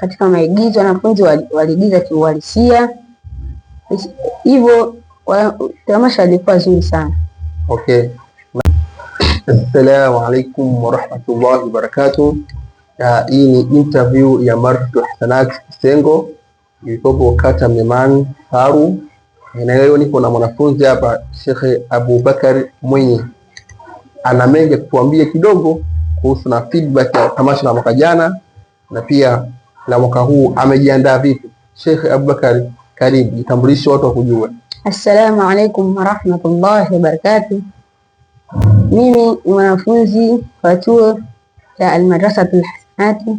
katika maigizo, wanafunzi waliigiza kiuhalisia, hivyo tamasha lilikuwa zuri sana. Okay. Assalamu alaikum warahmatullahi wabarakatuh. Hii ni interview ya Martu Hasanat Sengo ilikopo kata Meman Faru, na leo niko na mwanafunzi hapa Shekhe Abubakar Mwinyi, ana mengi kutuambia kidogo kuhusu na feedback ya tamasha la mwaka jana na pia na mwaka huu amejiandaa vipi? Sheikh Abubakar, karibu jitambulishe, watu wakujua. Assalamu alaikum warahmatullahi wabarakatu Mimi ni mwanafunzi wa chuo cha almadrasatu Hasanati,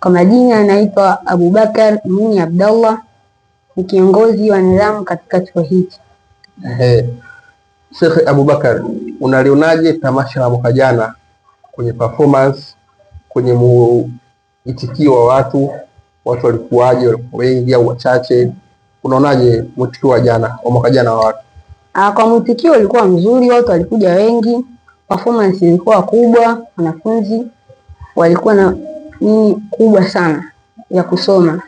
kwa majina anaitwa Abubakar Muni Abdallah, ni kiongozi wa nidhamu katika chuo hichi. Hey, Sheikh Abubakar, unalionaje tamasha la mwaka jana kwenye performance kwenye itikio wa watu, watu walikuwaje? Walikuwa wengi au wachache? Unaonaje mwitikio wa jana wa mwaka jana wa watu? Ah, kwa mwitikio ulikuwa mzuri, watu walikuja wengi, performance ilikuwa kubwa, wanafunzi walikuwa na nini kubwa sana ya kusoma,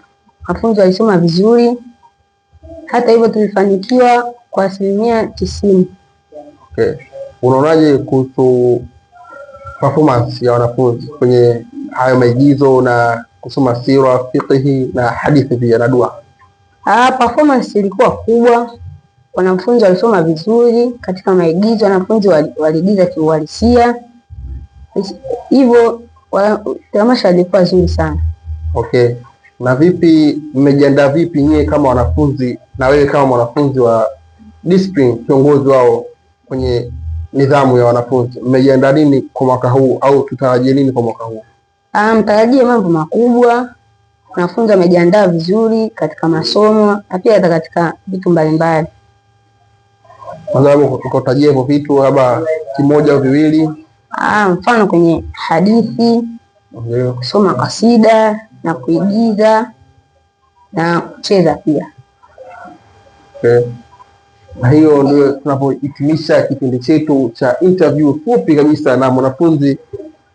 wanafunzi walisoma vizuri. Hata hivyo tulifanikiwa kwa asilimia tisini. Okay. Unaonaje kuhusu performance ya wanafunzi kwenye hayo maigizo na kusoma sira, fiqhi na hadithi pia na dua. Ah, performance ilikuwa kubwa, wanafunzi walisoma vizuri katika maigizo, wanafunzi waliigiza kiuhalisia, hivyo tamasha lilikuwa zuri sana. Okay, na vipi, mmejiandaa vipi nyie kama wanafunzi na wewe kama mwanafunzi wa discipline, kiongozi wao kwenye nidhamu ya wanafunzi, mmejiandaa nini kwa mwaka huu au tutarajie nini kwa mwaka huu? Ah, mtarajie mambo makubwa. Wanafunzi wamejiandaa vizuri katika masomo na pia hata katika vitu mbalimbali. Ukatajia hivyo vitu labda kimoja au viwili? Ah, mfano kwenye hadithi, kusoma kasida na kuigiza na kucheza pia. Okay. Na hiyo ndio tunapohitimisha kipindi chetu cha interview fupi kabisa na mwanafunzi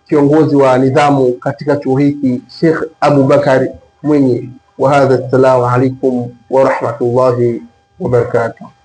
kiongozi wa nidhamu katika chuo hiki Sheikh Abubakar Mwinyi. Wa hadha, assalamu alaikum wa rahmatullahi wa barakatuh.